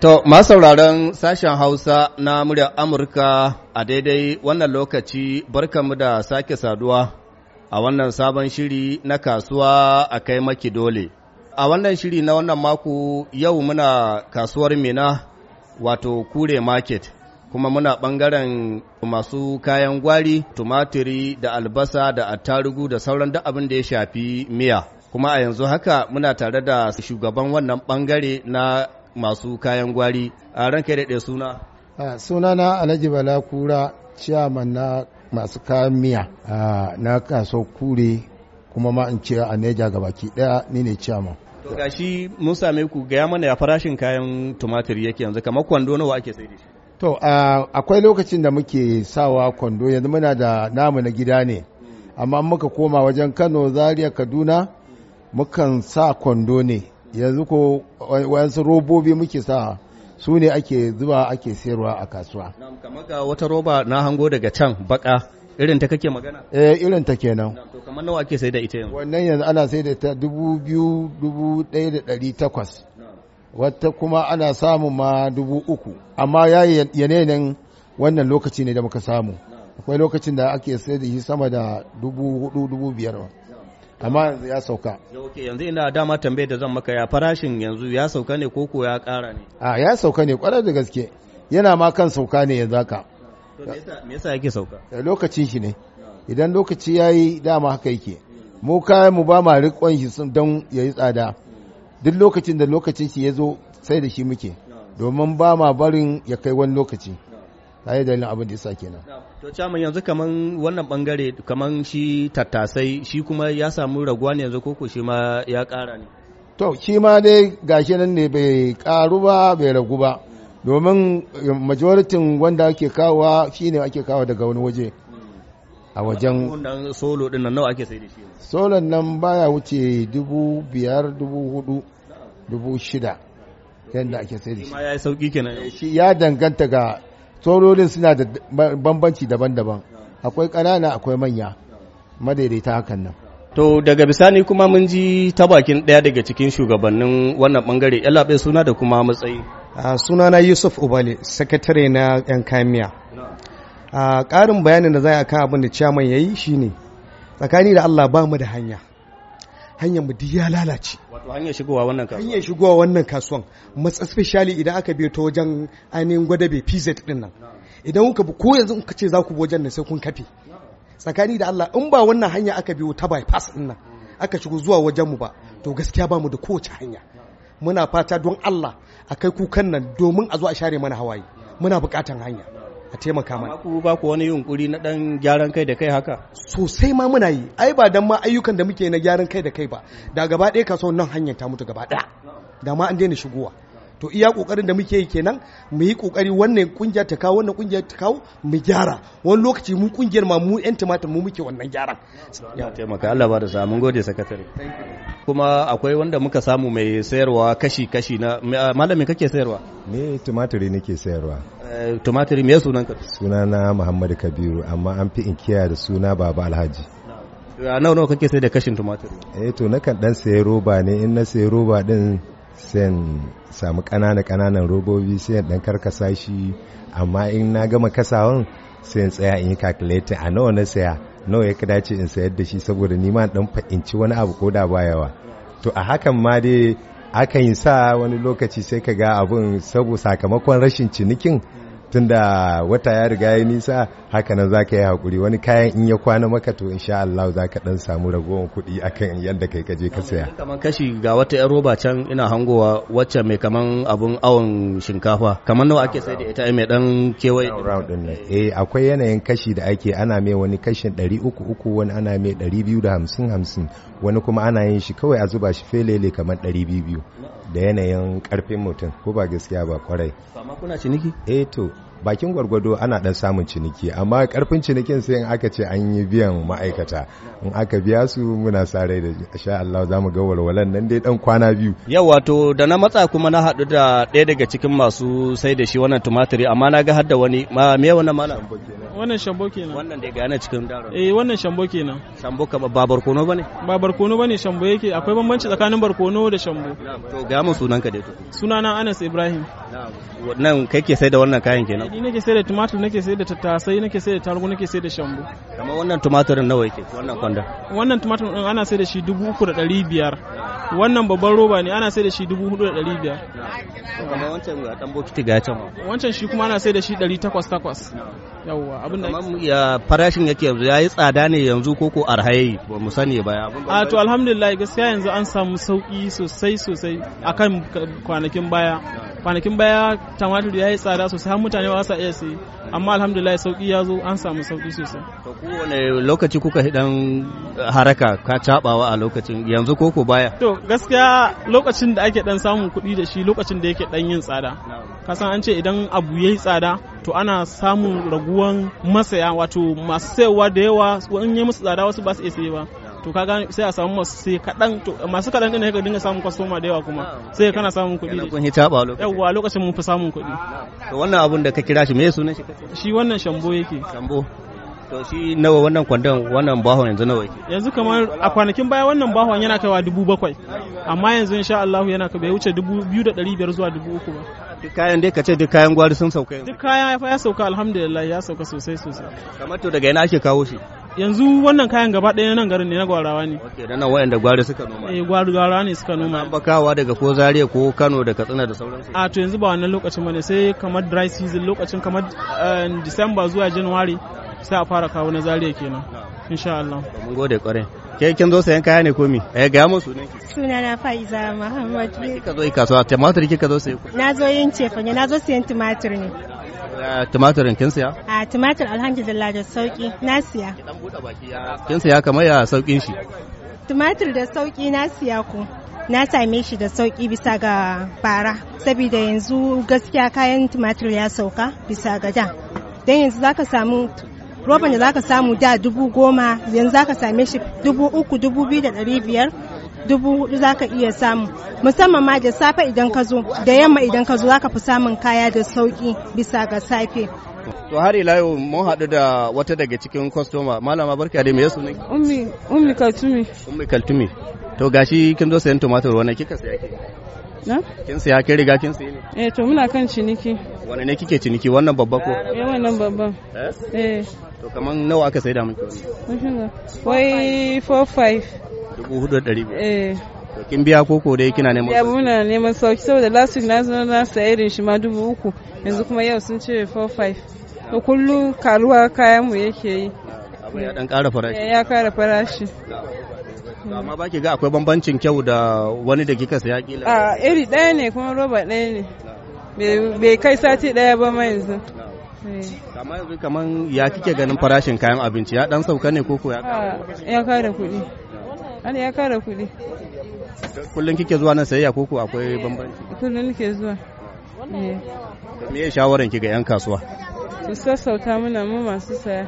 To, sauraron sashen Hausa na muryar Amurka a daidai wannan lokaci mu da sake saduwa a wannan sabon shiri na kasuwa a kai maki dole. A wannan shiri na wannan mako yau muna kasuwar Mina wato Kure Market, kuma muna ɓangaren masu kayan gwari, tumatiri da albasa da attarugu da sauran duk abin da ya shafi miya. Kuma a yanzu haka muna tare da shugaban wannan ɓangare na masu kayan gwari a ranka daɗe suna Suna na alhaji bala kura ciyaman na masu kayan miya na kaso kure kuma ma in ce a neja gabaki daya ni ne ciyaman to gashi mun same ku gaya mana ya farashin kayan tumatir yake yanzu kamar kwando nawa ake sai to akwai lokacin da muke sawa kwando yanzu muna da namu na gida ne amma muka koma wajen Kano Zaria Kaduna mukan sa kwando ne yanzu ko wayansu robobi muke sa su ne ake zuba ake sayarwa a kasuwa kamar ga wata roba na hango daga can baka irin ta kake magana eh irin ta kenan to kamar nawa ake sai da ita yanzu wannan yanzu ana sai da ta dubu biyu dubu ɗaya da ɗari takwas wata kuma ana samu ma dubu uku amma ya yi yanayin wannan lokaci ne da muka samu akwai lokacin da ake sai da shi sama da dubu hudu dubu biyar amma yanzu ya sauka okay yanzu ina dama tambaye da zan maka ya farashin yanzu ya sauka ne ko ko ya ƙara ne a ya sauka ne kwarar da gaske yana ma kan sauka ne yanzu haka me yasa yake sauka eh, lokacin shi ne idan lokaci yayi dama haka yake mu kayan mu ba ma riƙon shi don yayi tsada duk lokacin da lokacin shi ya zo sai da shi muke domin ba ma barin ya kai wani lokaci yi dalilin abin da yasa kenan to chairman yanzu kaman wannan bangare kaman shi tattasai shi kuma ya samu raguwa ne yanzu koko shi ma ya kara ne to shi ma dai gashi nan ne bai karu ba bai ragu ba domin eh, majoritin wanda ake kawowa shine ake kawo daga wani waje a wajen solo din nan nawa ake sai da shi solon nan baya wuce dubu biyar dubu hudu dubu shida yadda ake sai da shi ya danganta ga tsorodin suna da bambanci daban-daban akwai ƙanana akwai manya madaidaita hakan nan to daga bisani kuma mun ji ta bakin ɗaya daga cikin shugabannin wannan bangare yalaɓe suna da kuma matsayi suna na yusuf ubale sakatare na yan kamiya ƙarin bayanin da za a kan abin da ciyaman ya yi shine tsakani da allah ba mu da hanya hanyar mu ya lalace wato hanyar shigowa wannan kasuwan hanyar shigowa wannan kasuwan especially idan aka biyo ta wajen ainihin gwadabe PZ din nan idan kuka bi ko yanzu kuka ce za ku bi wajen nan sai kun kafe tsakani da Allah in ba wannan hanya aka biyo ta bypass din nan mm. aka shigo zuwa wajen mu ba to gaskiya ba mu da kowace hanya muna fata don Allah a kai kukan nan domin a zo a share mana hawaye muna bukatan hanya a taimaka mana ku ba ku wani yunkuri na dan gyaran kai da kai haka sosai ma muna yi ai ba dan ma ayyukan da muke na gyaran kai da kai ba da gaba ɗaya kasuwan nan hanyar ta mutu gaba ɗaya da ma an daina shigowa to iya kokarin da muke yi kenan mu yi kokari wannan kungiya ta kawo wannan kungiya ta kawo mu gyara wani lokaci mu kungiyar ma mu yan tumatir mu muke wannan gyaran ya taimaka Allah ba da sa mun gode sakatare kuma akwai wanda muka samu mai sayarwa kashi kashi na malamin kake sayarwa ne tumatiri nake sayarwa eh, tumatiri me sunan ka na Muhammadu Kabiru amma an fi in kiya da suna Baba Alhaji ah, nawa nawa kake sai da kashin tumatir eh to nakan dan sayi roba ne in na sayi roba din sai samu ƙananan ƙananan robobi sai dan karkasa shi amma in na gama kasawan sai in tsaya in yi kakuleti a nawa na saya nawa ya dace in sayar da shi saboda ni ma dan fa'inci wani abu ko da ba yawa to a hakan ma dai akan yi sa wani lokaci sai ka ga abun saboda sakamakon rashin cinikin tunda wata ya riga ya nisa haka nan ka yi haƙuri wani kayan in ya kwana maka to insha Allah za ka ɗan samu ragowar kuɗi a kan yadda kai kaje ka saya kaman kashi ga wata yan roba can ina hangowa wacce mai kaman abun awon shinkafa kamar nawa ake sai da ita mai dan kewaye eh akwai yanayin kashi da ake ana mai wani kashin 300 uku wani ana mai 250 hamsin wani kuma ana yin shi kawai a zuba shi felele kamar 200 da yanayin karfin mutum ko ba gaskiya ba kwarai amma kuna ciniki eh to bakin gwargwado ana dan samun ciniki amma karfin cinikin sai in aka ce an yi biyan ma'aikata in aka biya su muna sa rai da insha Allah za mu ga walwalan nan dai dan kwana biyu yau wato da na matsa kuma na haɗu da ɗaya daga cikin masu sai da shi wannan tumatiri amma na ga har da wani ma me wannan malam wannan shambo kenan wannan da gane cikin daro eh wannan shambo kenan shambo ka ba barkono bane ba barkono bane shambo yake akwai bambanci tsakanin barkono da shambo to ga mu sunan ka dai to sunana Anas Ibrahim wannan kai ke sai da wannan kayan kenan ni nake sai da tumatur nake sai da tattasai nake sai da tarugu nake sai da shambo kamar wannan tumaturin nawa yake wannan kwanda wannan tumatur din ana sai da shi dubu uku da biyar wannan babban roba ne ana sai da shi dubu da ɗari biyar kamar wancan shi kuma ana sai da shi ɗari takwas takwas yawwa abin da ya farashin yake yanzu ya yi tsada ne yanzu ko ko arhayi ba mu sani ba a to alhamdulillah gaskiya yanzu an samu sauki sosai sosai akan kwanakin baya kwanakin baya tamatir ya yi tsada sosai har mutane ba sa iya sai amma alhamdulillah sauki ya zo an samu sauki sosai to kowane lokaci kuka hidan haraka ka cabawa a lokacin yanzu koko baya to gaskiya lokacin da ake dan samun kuɗi da shi lokacin da yake dan yin tsada kasan an ce idan abu yayi tsada to ana samun raguwan masaya wato masu sayarwa da yawa in yi musu tsada wasu ba su iya ba to ka gane sai a samu masu sai kaɗan to masu kaɗan ɗin ne ka dinga samun kwastoma da yawa kuma sai kana samun kuɗi kun hita ba lokacin yawa a lokacin mun fi samun kuɗi to wannan abun da ka kira shi me sunan shi shi wannan shambo yake shambo to shi nawa wannan kwandon wannan bahon yanzu nawa yake yanzu kamar a kwanakin baya wannan bahon yana kaiwa dubu bakwai amma yanzu insha Allah yana ka bai wuce dubu biyu da ɗari biyar zuwa dubu uku ba duk kayan dai ka ce duk kayan gwari sun sauka yanzu duk kaya ya sauka alhamdulillah ya sauka sosai sosai kamar to daga ina ake kawo shi yanzu wannan kayan gaba ɗaya nan garin ne na gwarawa ne ok da nan wayanda gwari suka noma eh gwari gwarawa ne suka noma an bakawa daga ko zaria ko kano da katsina da sauransu a to yanzu ba wannan lokacin bane sai kamar dry season lokacin kamar eh, december zuwa january sai a fara kawo na zariya kenan insha Allah mun gode kwarai ke kin zo sayan kaya ne ko mi eh ga musu ne Suna na Faiza Muhammad ka zo kasuwa tumatir ka zo saye na zo yin cefane na zo sayan tumatir ne Eh, Tumatirin kin siya? A tumatir alhamdulillah da sauki na siya. Kin siya kamar ya saukin shi? Tumatir da sauki na siya ku. na same shi da sauki bisa ga bara saboda yanzu gaskiya kayan tumatir ya sauka bisa ga da don yanzu zaka samu roban da zaka samu da dubu goma yanzu zaka same shi dubu uku dubu biyu da ɗari biyar dubu hudu ka iya samu musamman ma da safe idan ka zo da yamma idan ka zo za ka fi samun kaya da sauki bisa ga safe to har ila yau mun haɗu da wata daga cikin kwastoma malama barka da me ya sunan ummi ummi kaltumi ummi kaltumi to gashi kin zo sayan tumatur wannan kika saya ke na kin saya kin riga kin saye ne eh to muna kan ciniki wani ne kike ciniki wannan babba ko eh wannan babban eh? eh to kaman nawa aka saida miki wannan wai 45 dubu hudu da ɗari biyar eh. kin biya koko dai kina neman ya muna neman sauki saboda last week na zo na saya irin shi ma dubu uku yanzu kuma yau sun ce 45 to kullu karuwa kayan mu yake yi ah, abu ya dan kara farashi eh, ya kara farashi amma ba ki ga akwai bambancin kyau da wani da kika saya kila a ah, iri ɗaya ne kuma roba ɗaya ne bai kai sati ɗaya ba ma yanzu kama ah. eh. yanzu kaman ya kike ganin farashin kayan abinci ya dan sauka ne koko ya ƙara ya kara kuɗi Ana ya kara kuɗi. Kullum kike zuwa nan sayayya ko akwai bambanci? Kullum nake zuwa. Eh. Me ya shawaran ki ga 'yan kasuwa? Su sassauta muna mu masu saya.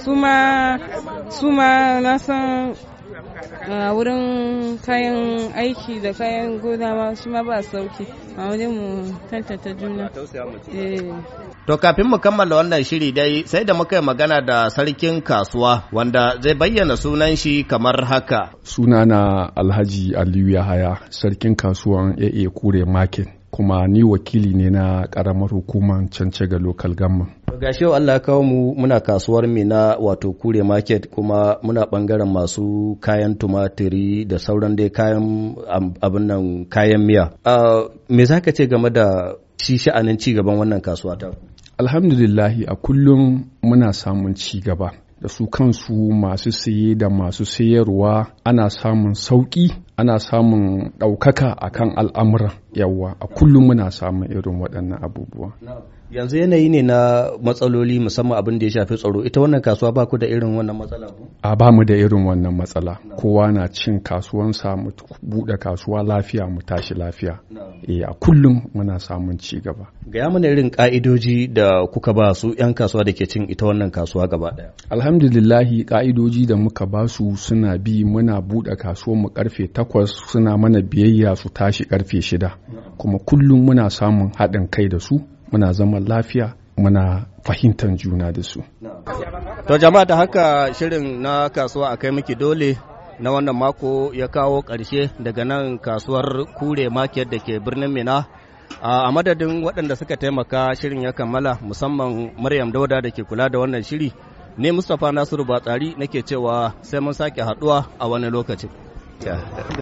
Su ma na san wurin kayan aiki da kayan gona ma shi ma ba sauki a wani mu tantata juna eh. To kafin mu kammala wannan shiri dai sai da muka yi magana da sarkin kasuwa wanda zai bayyana sunan shi kamar haka. Sunana Alhaji Aliyu Yahaya sarkin kasuwan AA Kure Market kuma ni wakili ne na ƙaramar hukumar ga Local Government. gashi yau Allah kawo mu muna kasuwar mina wato kure market kuma muna bangaren masu kayan tumatiri da sauran dai kayan abin nan kayan miya me za ka ce game da shi sha'anin ci gaban wannan kasuwa ta alhamdulillah a kullum muna samun ci gaba da su kansu masu saye da masu sayarwa ana samun sauƙi ana samun ɗaukaka a kan al'amura yawwa a kullum muna samun irin waɗannan abubuwa. Yanzu yanayi ne na matsaloli musamman abin da ya shafi tsaro ita wannan kasuwa ba ku da irin wannan matsala ku? A ba mu da irin wannan matsala kowa na cin kasuwansa mu buɗe kasuwa lafiya mu tashi lafiya. Eh a kullum muna samun ci gaba. Gaya mana irin ka'idoji da kuka ba su 'yan kasuwa da ke cin ita wannan kasuwa gaba ɗaya. Alhamdulillahi ka'idoji da muka ba su suna bi muna buɗe kasuwar mu karfe takwas takwas suna mana biyayya su tashi karfe shida kuma kullum muna samun haɗin kai da su muna zaman lafiya muna fahimtar juna da su. To jama'a da haka shirin na kasuwa a kai miki dole na wannan mako ya kawo ƙarshe daga nan kasuwar kure market da ke birnin Mina. A madadin waɗanda suka taimaka shirin ya kammala musamman Maryam Dauda da ke kula da wannan shiri ne Mustapha Nasiru Batsari nake cewa sai mun sake haɗuwa a wani lokacin.